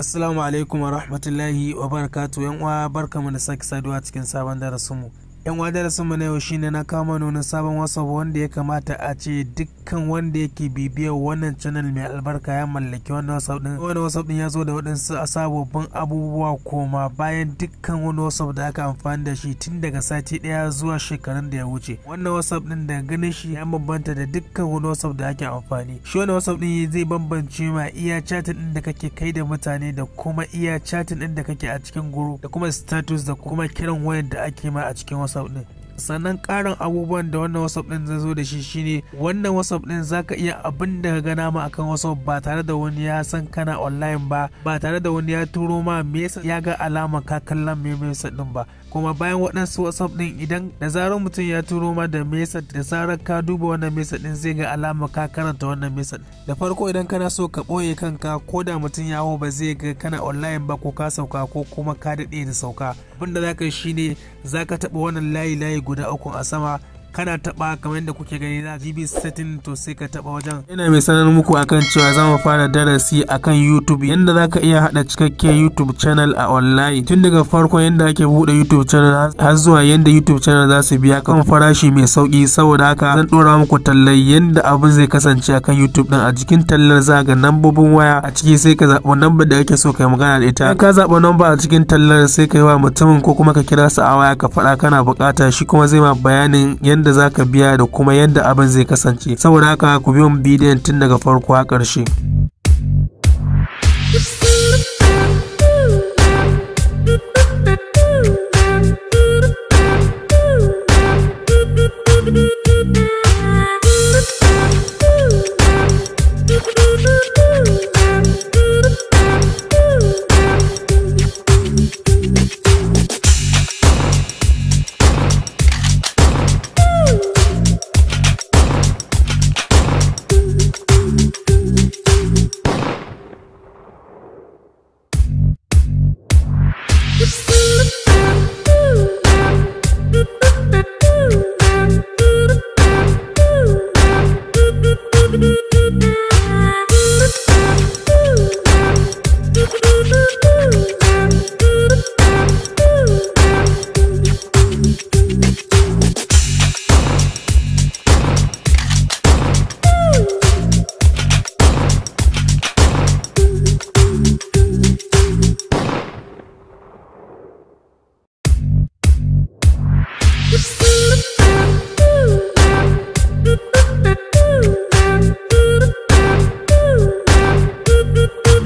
Assalamu alaikum wa rahmatullahi wa barakatu yan uwa barkamu da sake saduwa cikin sabon darasinmu. yan wadarsu mu na yau shine na kama nuna sabon wasa wanda ya kamata a ce dukkan wanda yake bibiyar wannan channel mai albarka ya mallaki wannan whatsapp din wannan whatsapp din ya zo da waɗansu sababbin abubuwa koma bayan dukkan wani whatsapp da aka amfani da shi tun daga sati daya zuwa shekarun da ya wuce wannan whatsapp din da ganin shi ya bambanta da dukkan wani whatsapp da ake amfani shi wannan whatsapp din zai bambance ma iya chatin din da kake kai da mutane da kuma iya chatin din da kake a cikin guru da kuma status da kuma kiran wayar da ake ma a cikin whatsapp whatsapp din sannan karin abubuwan da wannan whatsapp ɗin zai zo da shi shine wannan whatsapp din zaka iya abin da ka gana ma akan whatsapp ba tare da wani ya san kana online ba ba tare da wani ya turo ma me ya ga alama ka kallon me me din ba kuma bayan waɗansu whatsapp ɗin idan da zarar mutum ya turo ma da mesa da zarar ka duba wannan mesa ɗin zai ga alama ka karanta wannan mesa da farko idan kana so ka ɓoye kanka ko da mutum ya hau ba zai ga kana online ba ko ka sauka ko kuma ka daɗe da sauka abin da za ka yi shine za ka taɓa wannan layi layi guda uku a sama kana taba kamar yadda kuke gani na gb setting to sai ka taba wajen ina mai sanar muku akan cewa zamu fara darasi akan youtube yanda ka iya hada cikakken youtube channel a online tun daga farkon yanda ake bude youtube channel har zuwa yanda youtube channel za su biya kan farashi mai sauki saboda haka zan dora muku tallai yanda abin zai kasance akan youtube din a jikin tallar za ga nambobin waya a ciki sai ka zaɓi number da kake so kai magana da ita ka zaba namba a cikin tallar sai ka yi wa mutumin ko kuma ka kira sa a waya ka faɗa kana bukata shi kuma zai ma bayanin yanda yadda za ka biya da kuma yadda abin zai kasance. Saboda haka ku biyo bidiyon tun daga farko a ƙarshe.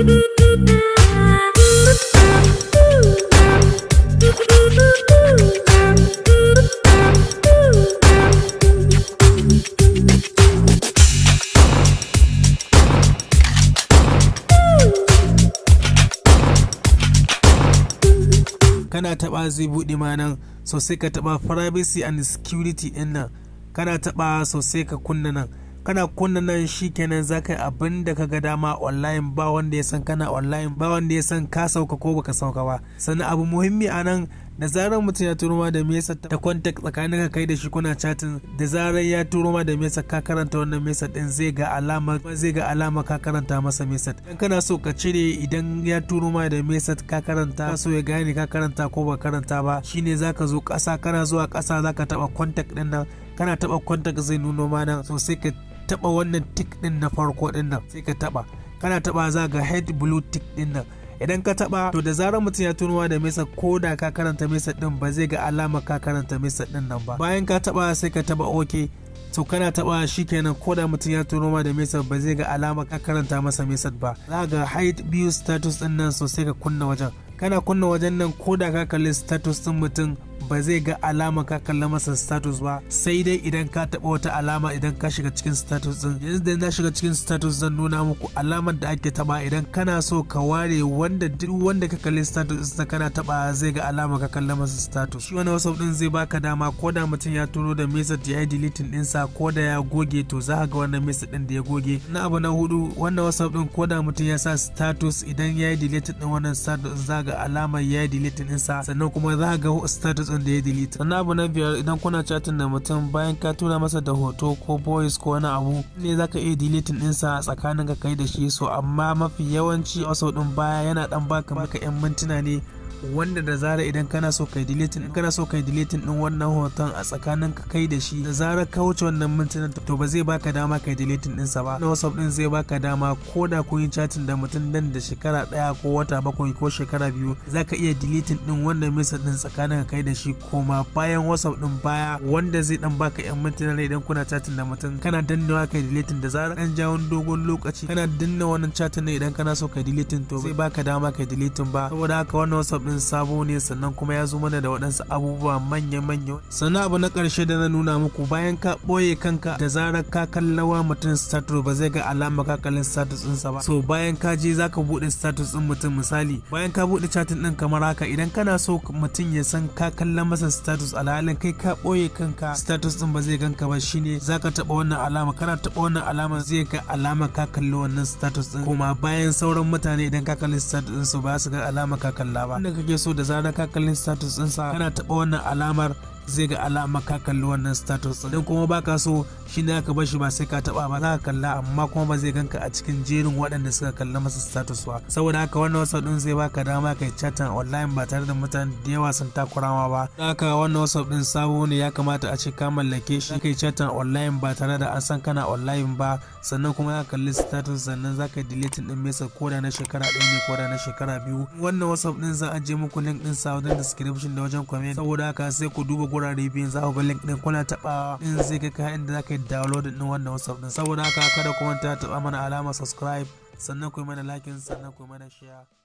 kana taba zai buɗe nan sosai ka taɓa privacy and security ɗin nan kana taɓa sosai ka kunna nan kana kunna nan kenan za ka yi abin da ka ga dama online ba wanda ya san kana online ba wanda ya san ka sauka ko baka sauka ba sannan abu muhimmi a nan da zarar mutum ya turo ma da mesa ta kontak tsakanin ka kai da shi kuna chatting da zarar ya turo ma da mesa ka karanta wannan mesa din zai ga alama zai ga alama ka karanta masa mesa idan kana so ka cire idan ya turo ma da mesa ka karanta so ya gane ka karanta ko ba karanta ba shine zaka zo kasa kana zuwa kasa zaka taba kontak din nan kana taba kontak zai nuno ma nan so sai ka taba wannan tik din na farko din nan sai ka taba kana taba za ga head blue tick din nan idan ka taba to da zarar mutum ya tunowa da mesa ko da ka karanta mesa din ba zai ga alama ka karanta mesa din nan ba bayan ka taba sai ka taba ok to kana taba shikenan ko da mutum ya tuno ma da mesa ba zai ga alama ka karanta masa mesa ba za ga height view status din nan so sai ka kunna wajen kana kunna wajen nan ko da ka kalli status din mutum ba zai ga alama ka kalla masa status ba sai dai idan ka taɓa wata alama idan ka shiga cikin status din yanzu da na shiga cikin status zan nuna muku alamar da ake taɓa idan kana so ka ware wanda duk wanda ka kalli status din kana taɓa zai ga alama ka kalla masa status shi wani wasu din zai baka dama ko da mutum ya turo da message ya yi deleting sa ko da ya goge to za ka ga wannan message din da ya goge na abu na hudu wannan wasu din ko da mutum ya sa status idan ya yi deleting din wannan status za ga alamar ya yi deleting sa sannan kuma za ka ga status din da ya delete sannan abu na biyar idan kuna chatting da mutum bayan ka tura masa da hoto ko voice ko wani abu ne zaka iya deleting ɗinsa a tsakanin ka kai da shi so amma mafi yawanci wasu din baya yana dan baka maka yan mintuna ne wanda da zara idan kana so kai deleting kana so kai deleting din wannan hoton a tsakanin ka kai da shi da zara ka wuce wannan mintuna to ba zai baka dama kai deleting ɗinsa ba na whatsapp din zai baka dama ko da kun yi chatting da mutum dan da shekara ɗaya ko wata bakwai ko shekara biyu zaka iya deleting din wannan message din tsakanin ka kai da shi koma bayan whatsapp din baya wanda zai dan baka yan mintuna ne idan kuna chatting da mutum kana dannawa kai deleting da zarar an jawo dogon lokaci kana danna wannan chatting ne idan kana so kai deleting to zai baka dama kai deleting ba saboda haka wannan whatsapp al'amarin sabo ne sannan kuma ya zo mana da waɗansu abubuwa manya-manya sannan abu na ƙarshe da na nuna muku bayan ka ɓoye kanka da zarar ka kallawa mutum status ba zai ga alama ka kallin status ɗinsa ba so bayan ka je zaka buɗe status ɗin mutum misali bayan ka buɗe chatin ɗin kamar haka idan kana so mutum ya san ka kalla masa status alhalin kai ka ɓoye kanka status ɗin ba zai ganka ba shine zaka taɓa wannan alama kana taɓa wannan alama zai ga alama ka kalli wannan status ɗin kuma bayan sauran mutane idan ka kalli status ɗin su ba su ga alama ka kalla ba kake so da zarar ka kalli status ɗinsa kana taɓa wannan alamar zai ga alama ka kalli wannan status din kuma baka so shi ne aka bashi ba sai ka taba ba za ka kalla amma kuma ba zai ganka a cikin jerin waɗanda suka kalla masa status ba saboda haka wannan whatsapp din zai baka dama kai chatan online ba tare da mutane da yawa sun takurawa ba haka wannan whatsapp din sabo ne ya kamata a ce ka mallake shi kai chatan online ba tare da an san kana online ba sannan kuma ka kalli status sannan zaka delete din mesa ko da na shekara ɗaya ne ko da na shekara biyu wannan whatsapp din za a je muku link din sa wajen description da wajen comment saboda haka sai ku duba gurare biyun za ku ga link din kuna tabawa in zai kai ka inda zaka zaka yi download din wannan whatsapp din saboda haka kada ku manta taba mana alamar subscribe sannan ku yi mana like sannan ku yi mana share